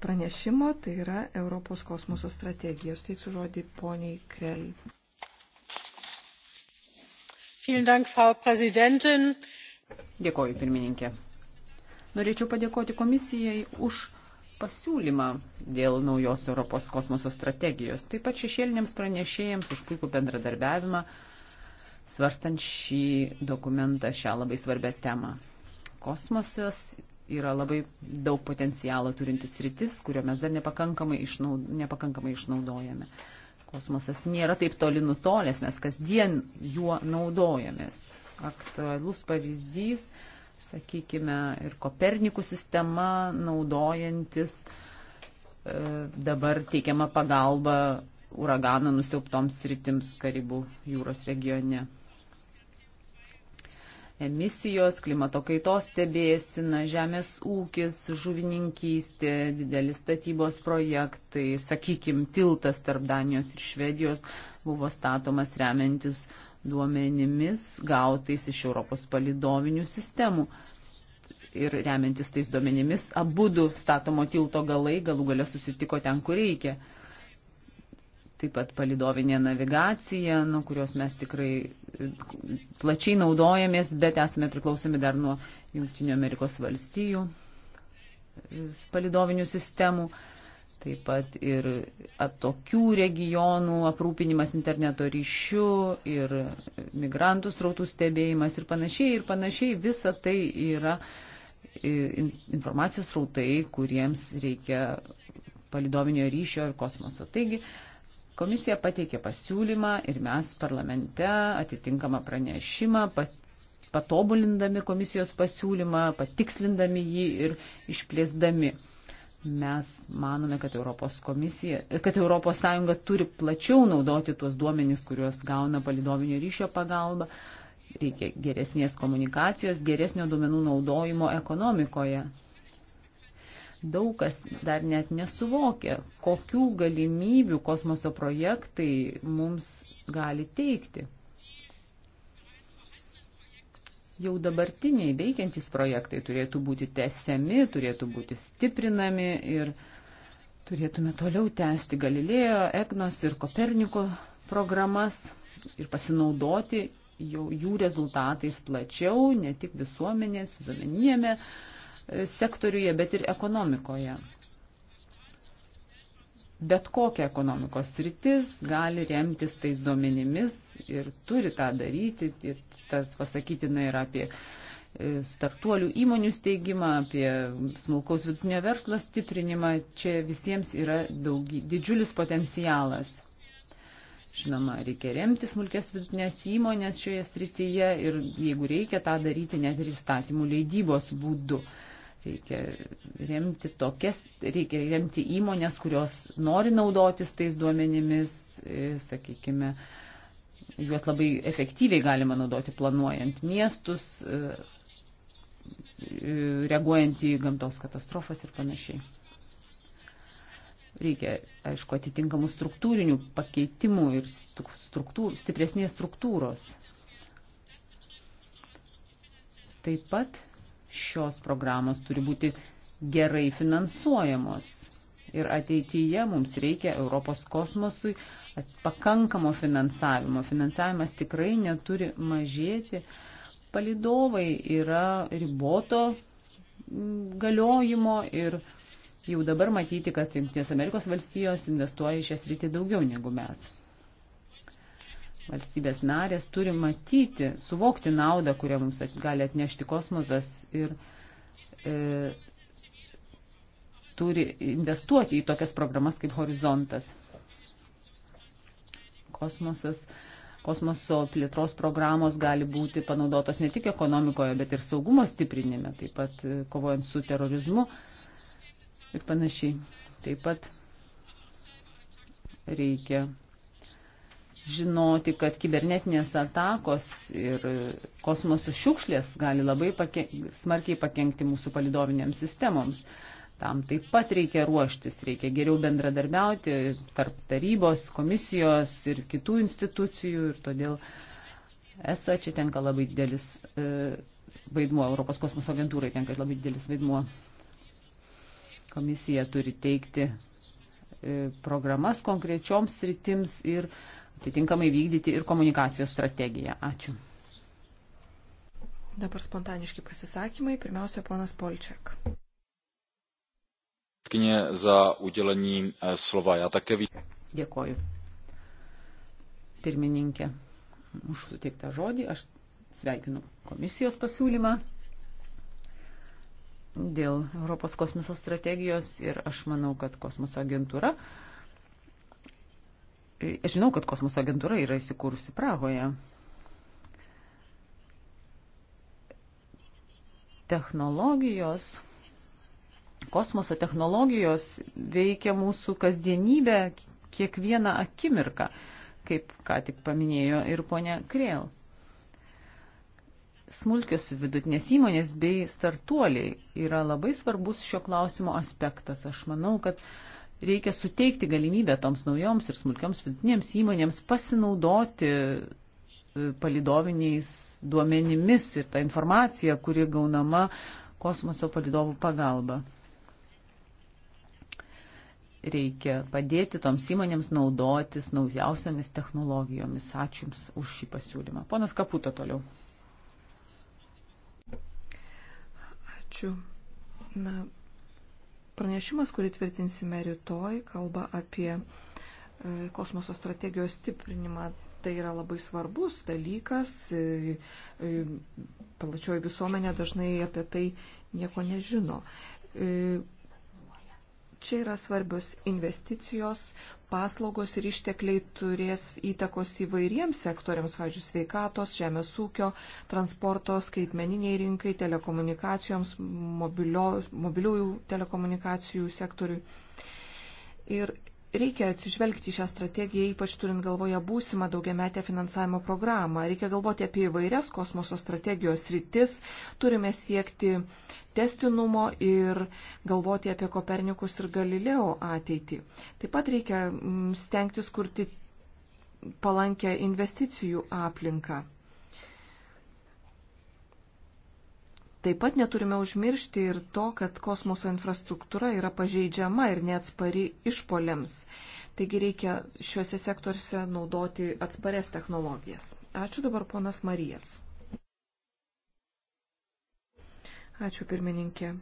pranešimo, tai yra Europos kosmoso strategija. Suteiksiu žodį poniai Krell. Dėkoju, pirmininkė. Norėčiau padėkoti komisijai už pasiūlymą dėl naujos Europos kosmoso strategijos, taip pat šešėliniams pranešėjams už puikų bendradarbiavimą, svarstant šį dokumentą, šią labai svarbę temą. Kosmosas yra labai daug potencialo turintis rytis, kurio mes dar nepakankamai, išnaud, nepakankamai išnaudojame. Kosmosas nėra taip toli nutolęs, mes kasdien juo naudojamės. Aktualus pavyzdys, sakykime, ir Kopernikų sistema naudojantis e, dabar teikiama pagalba uragano nusiauptoms sritims Karibų jūros regione emisijos, klimato kaitos stebėsina, žemės ūkis, žuvininkystė, didelis statybos projektai, sakykime, tiltas tarp Danijos ir Švedijos buvo statomas remiantis duomenimis gautais iš Europos palidovinių sistemų. Ir remiantis tais duomenimis, abu du statomo tilto galai galų gale susitiko ten, kur reikia taip pat palidovinė navigacija, nuo kurios mes tikrai e, plačiai naudojamės, bet esame priklausomi dar nuo Junktinių Amerikos valstijų e, palidovinių sistemų, taip pat ir atokių regionų aprūpinimas interneto ryšių ir migrantų srautų stebėjimas ir panašiai, ir panašiai visa tai yra e, informacijos srautai, kuriems reikia palidovinio ryšio ir kosmoso. Taigi Komisija pateikė pasiūlymą ir mes parlamente atitinkamą pranešimą patobulindami komisijos pasiūlymą, patikslindami jį ir išplėsdami. Mes manome, kad Europos, komisija, kad Europos Sąjunga turi plačiau naudoti tuos duomenys, kuriuos gauna palidovinio ryšio pagalba. Reikia geresnės komunikacijos, geresnio duomenų naudojimo ekonomikoje daug kas dar net nesuvokia, kokių galimybių kosmoso projektai mums gali teikti. Jau dabartiniai veikiantys projektai turėtų būti tesiami, turėtų būti stiprinami ir turėtume toliau tęsti Galilėjo, Egnos ir Koperniko programas ir pasinaudoti jau jų rezultatais plačiau, ne tik visuomenės, visuomeninėme sektoriuje, bet ir ekonomikoje. Bet kokia ekonomikos sritis gali remtis tais duomenimis ir turi tą daryti. Ir tas pasakytina yra apie e, startuolių įmonių steigimą, apie smulkaus vidutinio verslo stiprinimą. Čia visiems yra daug, didžiulis potencialas. Žinoma, reikia remti smulkės vidutinės įmonės šioje srityje ir jeigu reikia tą daryti net ir įstatymų leidybos būdu. Reikia remti tokias, reikia remti įmonės, kurios nori naudotis tais duomenimis, sakykime, juos labai efektyviai galima naudoti planuojant miestus, e, reaguojant į gamtos katastrofas ir panašiai. Reikia, aišku, atitinkamų struktūrinių pakeitimų ir struktūr, stipresnės struktūros. Taip pat šios programos turi būti gerai finansuojamos. Ir ateityje mums reikia Europos kosmosui pakankamo finansavimo. Finansavimas tikrai neturi mažėti. Palidovai yra riboto galiojimo ir jau dabar matyti, kad Junktinės Amerikos valstijos investuoja į šią sritį daugiau negu mes valstybės narės turi matyti, suvokti naudą, kurią mums gali atnešti kosmosas ir e, turi investuoti į tokias programas kaip horizontas. Kosmosas, kosmoso plėtros programos gali būti panaudotos ne tik ekonomikoje, bet ir saugumo stiprinime, taip pat e, kovojant su terorizmu ir panašiai. Taip pat reikia žinoti, kad kibernetinės atakos ir kosmosų šiukšlės gali labai pake, smarkiai pakengti mūsų palidoviniams sistemoms. Tam taip pat reikia ruoštis, reikia geriau bendradarbiauti tarp tarybos, komisijos ir kitų institucijų ir todėl ESA čia tenka labai didelis e, vaidmuo, Europos kosmoso agentūrai tenka labai didelis vaidmuo. Komisija turi teikti e, programas konkrečioms sritims ir uh, atitinkamai vykdyti ir komunikacijos strategiją. Ačiū. Dabar spontaniški pasisakymai. Pirmiausia, ponas Polčiak. E, Dėkoju. Pirmininkė, už suteiktą žodį. Aš sveikinu komisijos pasiūlymą dėl Europos kosmoso strategijos ir aš manau, kad kosmoso agentūra uh, Aš žinau, kad kosmoso agentūra yra įsikūrusi Prahoje. Technologijos, kosmoso technologijos veikia mūsų kasdienybę kiekvieną akimirką, kaip ką tik paminėjo ir ponia Krėl. Smulkios vidutinės įmonės bei startuoliai yra labai svarbus šio klausimo aspektas. Aš manau, kad uh, reikia suteikti galimybę toms naujoms ir smulkioms vidutinėms įmonėms pasinaudoti e, palidoviniais duomenimis ir tą informaciją, kuri gaunama kosmoso palidovų pagalba. Reikia padėti toms įmonėms naudotis naujausiamis technologijomis. Ačiū Jums už šį pasiūlymą. Ponas Kaputo toliau. Ačiū. Na, Pranešimas, kurį tvirtinsime rytoj, kalba apie e, kosmoso strategijos stiprinimą. Tai yra labai svarbus dalykas. E, e, Palačioji visuomenė dažnai apie tai nieko nežino. Čia yra svarbios investicijos, paslaugos ir ištekliai turės įtakos įvairiems sektoriams, važiu, sveikatos, žemės ūkio, transporto, skaitmeniniai rinkai, telekomunikacijoms, mobilio, mobiliųjų telekomunikacijų sektoriui. Ir reikia atsižvelgti į šią strategiją, ypač turint galvoje būsimą daugiametę finansavimo programą. Reikia galvoti apie įvairias kosmoso strategijos rytis, turime siekti testinumo ir galvoti apie Kopernikus ir Galileo ateitį. Taip pat reikia mm, stengtis kurti palankę investicijų aplinką. Taip pat neturime užmiršti ir to, kad kosmoso infrastruktūra yra pažeidžiama ir neatspari išpoliams. Taigi reikia šiuose sektoriuose naudoti atsparias technologijas. Ačiū dabar ponas Marijas. Ačiū pirmininkė.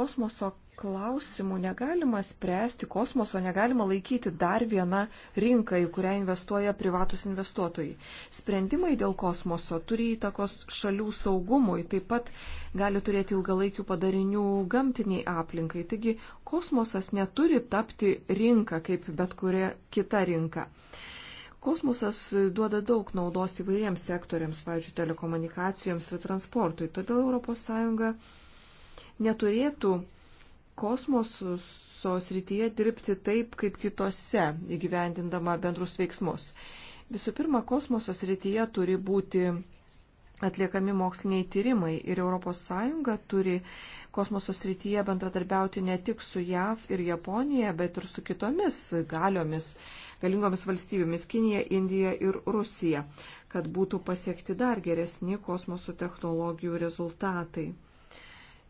Kosmoso klausimų negalima spręsti, kosmoso negalima laikyti dar viena rinka, į kurią investuoja privatus investuotojai. Sprendimai dėl kosmoso turi įtakos šalių saugumui, taip pat gali turėti ilgalaikių padarinių gamtiniai aplinkai. Taigi kosmosas neturi tapti rinka kaip bet kuria kita rinka. Kosmosas duoda daug naudos įvairiems sektoriams, pavyzdžiui, telekomunikacijoms ir transportui. Todėl ES neturėtų kosmoso srityje dirbti taip, kaip kitose, įgyvendindama bendrus veiksmus. Visų pirma, kosmoso srityje turi būti atliekami moksliniai tyrimai ir ES turi kosmoso srityje bendradarbiauti ne tik su JAV ir Japonija, bet ir su kitomis galiomis, galingomis valstybėmis - Kinija, Indija ir Rusija, kad būtų pasiekti dar geresni kosmoso technologijų rezultatai.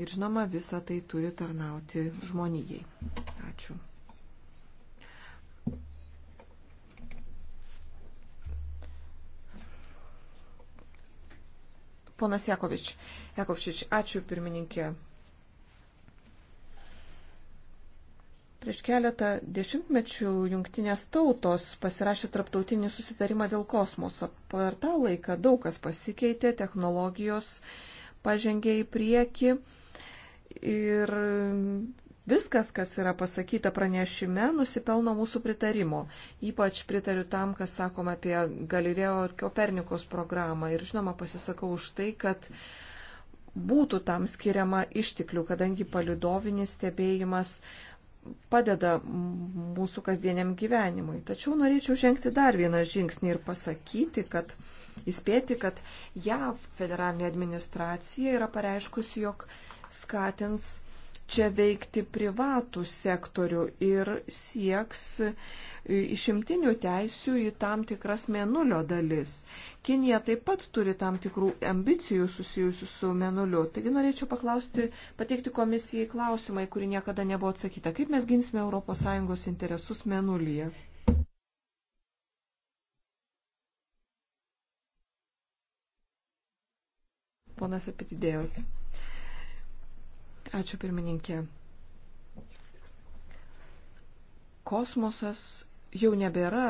Ir žinoma, visa tai turi tarnauti žmonijai. Ačiū. Ponas Jakovič. Jakovčič, ačiū pirmininkė. Prieš keletą dešimtmečių jungtinės tautos pasirašė tarptautinį susitarimą dėl kosmoso. Per tą laiką daug kas pasikeitė, technologijos pažengė į priekį ir viskas, kas yra pasakyta pranešime, nusipelno mūsų pritarimo. Ypač pritariu tam, kas sakoma apie Galileo ir Kopernikos programą ir žinoma pasisakau už tai, kad būtų tam skiriama išteklių, kadangi palidovinis stebėjimas padeda mūsų kasdieniam gyvenimui. Tačiau norėčiau žengti dar vieną žingsnį ir pasakyti, kad įspėti, kad JAV federalinė administracija yra pareiškusi, jog skatins čia veikti privatų sektorių ir sieks išimtinių teisių į tam tikras mėnulio dalis. Kinija taip pat turi tam tikrų ambicijų susijusių su mėnuliu. Taigi norėčiau paklausti, pateikti komisijai klausimai, kuri niekada nebuvo atsakyta. Kaip mes ginsime ES interesus mėnulyje? ponas Epitidėjus. Ačiū pirmininkė. Kosmosas jau nebėra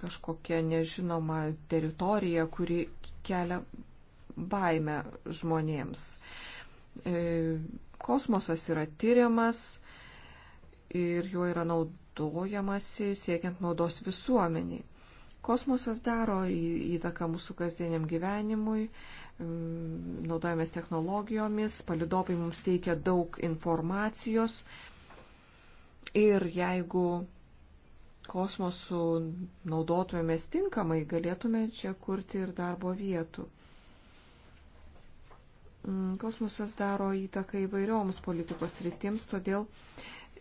kažkokia nežinoma teritorija, kuri kelia baimę žmonėms. E, kosmosas yra tyriamas ir juo yra naudojamasi siekiant naudos visuomeniai. Kosmosas daro įtaką mūsų kasdieniam gyvenimui, Mm, naudojamės technologijomis, palidovai mums teikia daug informacijos ir jeigu kosmosų naudotumėmės tinkamai, galėtume čia kurti ir darbo vietų. Mm, kosmosas daro įtaką įvairioms politikos rytims, todėl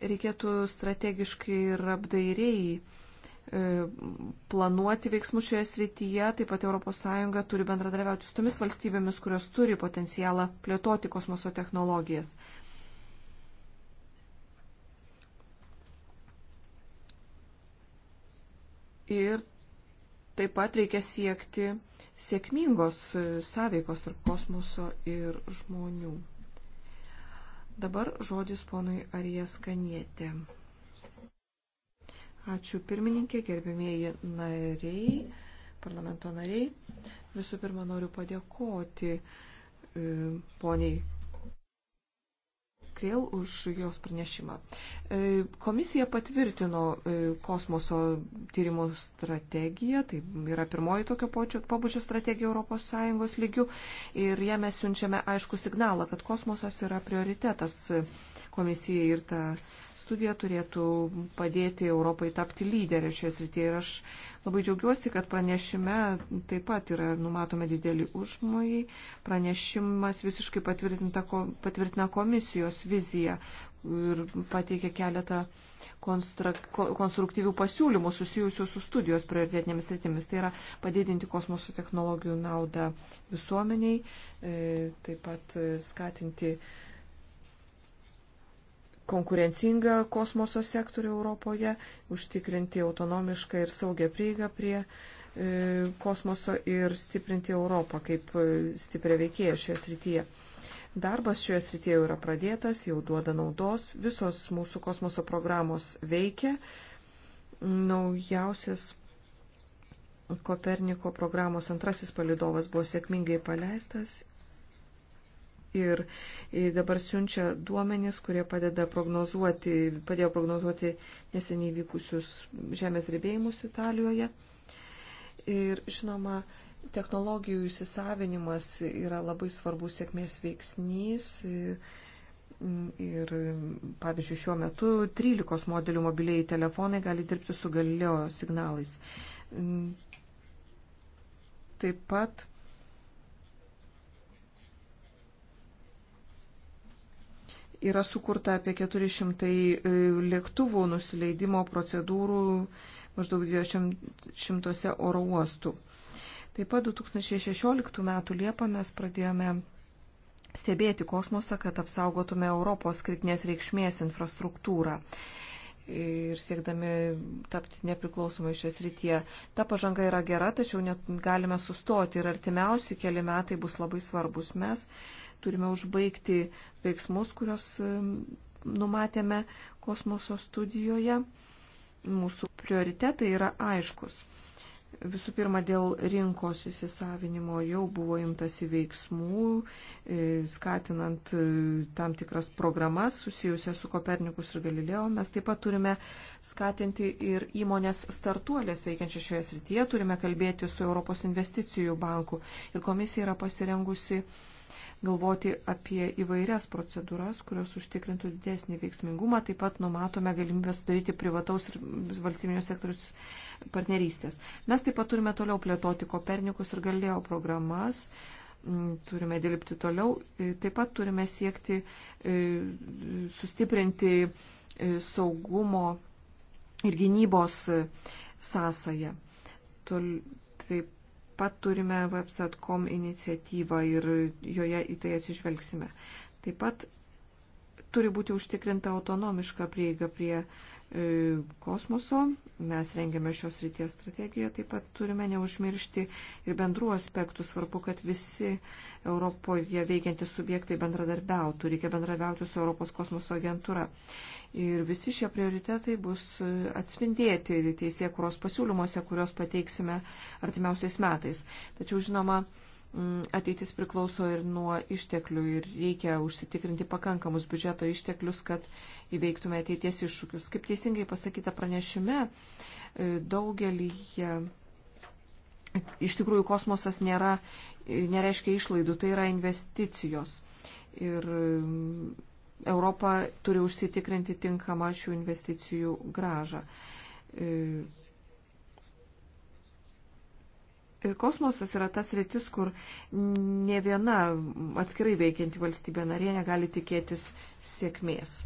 reikėtų strategiškai ir apdairiai E, planuoti veiksmus šioje srityje, taip pat ES turi bendradarbiauti su tomis valstybėmis, kurios turi potencialą plėtoti kosmoso technologijas. Ir taip pat reikia siekti sėkmingos sąveikos tarp kosmoso ir žmonių. Dabar žodis ponui Arijas Kanietė. Ačiū pirmininkė, gerbimieji nariai, parlamento nariai. Visų pirma, noriu padėkoti e, poniai Krėl už jos pranešimą. E, komisija patvirtino e, kosmoso tyrimų strategiją, tai yra pirmoji tokio pobūdžio strategija ES lygių ir ją mes siunčiame aišku signalą, kad kosmosas yra prioritetas komisijai ir ta studija turėtų padėti Europai tapti lyderę šioje srityje. Ir aš labai džiaugiuosi, kad pranešime taip pat yra numatome didelį užmojį. Pranešimas visiškai patvirtina komisijos viziją ir pateikė keletą konstruktyvių pasiūlymų susijusių su studijos prioritetinėmis rytimis. Tai yra padidinti kosmoso technologijų naudą visuomeniai, e, taip pat skatinti konkurencingą kosmoso sektorių Europoje, užtikrinti autonomišką ir saugę prieigą prie e, kosmoso ir stiprinti Europą kaip e, stiprią veikėją šioje srityje. Darbas šioje srityje jau yra pradėtas, jau duoda naudos, visos mūsų kosmoso programos veikia. Naujausias Koperniko programos antrasis palidovas buvo sėkmingai paleistas ir dabar siunčia duomenys, kurie padeda prognozuoti, padėjo prognozuoti neseniai vykusius žemės drebėjimus Italijoje. Ir žinoma, technologijų įsisavinimas yra labai svarbus sėkmės veiksnys. Ir, pavyzdžiui, šiuo metu 13 modelių mobiliai telefonai gali dirbti su galileo signalais. Taip pat yra sukurta apie 400 e, lėktuvų nusileidimo procedūrų maždaug 200 oro uostų. Taip pat 2016 m. Liepą mes pradėjome stebėti kosmosą, kad apsaugotume Europos kritinės reikšmės infrastruktūrą ir siekdami tapti nepriklausomai šios rytyje. Ta pažanga yra gera, tačiau net galime sustoti ir artimiausi keli metai bus labai svarbus. Mes uh, turime užbaigti veiksmus, kurios numatėme kosmoso studijoje. Mūsų prioritetai yra aiškus. Visų pirma, dėl rinkos įsisavinimo jau buvo imtasi veiksmų, e, skatinant e, tam tikras programas susijusias su Kopernikus ir Galileo. Mes taip pat turime skatinti ir įmonės startuolės veikiančią šioje srityje, turime kalbėti su Europos investicijų banku ir komisija yra pasirengusi galvoti apie įvairias procedūras, kurios užtikrintų didesnį veiksmingumą. Taip pat numatome galimybę sudaryti privataus ir valstybinio sektorius partnerystės. Mes taip pat turime toliau plėtoti Kopernikus ir Galileo programas. Mm, turime dirbti toliau. E, taip pat turime siekti e, sustiprinti e, saugumo ir gynybos sąsają. Taip pat turime website.com iniciatyvą ir joje į tai atsižvelgsime. Taip pat turi būti užtikrinta autonomiška prieiga prie e, kosmoso. Mes rengiame šios ryties strategiją, taip pat turime neužmiršti ir bendrų aspektų. Svarbu, kad visi Europoje veikiantys subjektai bendradarbiautų. Reikia bendradarbiauti su Europos kosmoso agentūra. Ir visi šie prioritetai bus atspindėti teisėkuros pasiūlymuose, kuriuos pateiksime artimiausiais metais. Tačiau, žinoma, mm, ateitis priklauso ir nuo išteklių ir reikia užsitikrinti pakankamus biudžeto išteklius, kad įveiktume ateities iššūkius. Kaip teisingai pasakyta pranešime, e, daugelį e, iš tikrųjų kosmosas nėra, e, nereiškia išlaidų, tai yra investicijos. Ir mm, Europa turi užsitikrinti tinkamą šių investicijų gražą. E, e, kosmosas yra tas rytis, kur ne viena atskirai veikianti valstybė narė negali tikėtis sėkmės.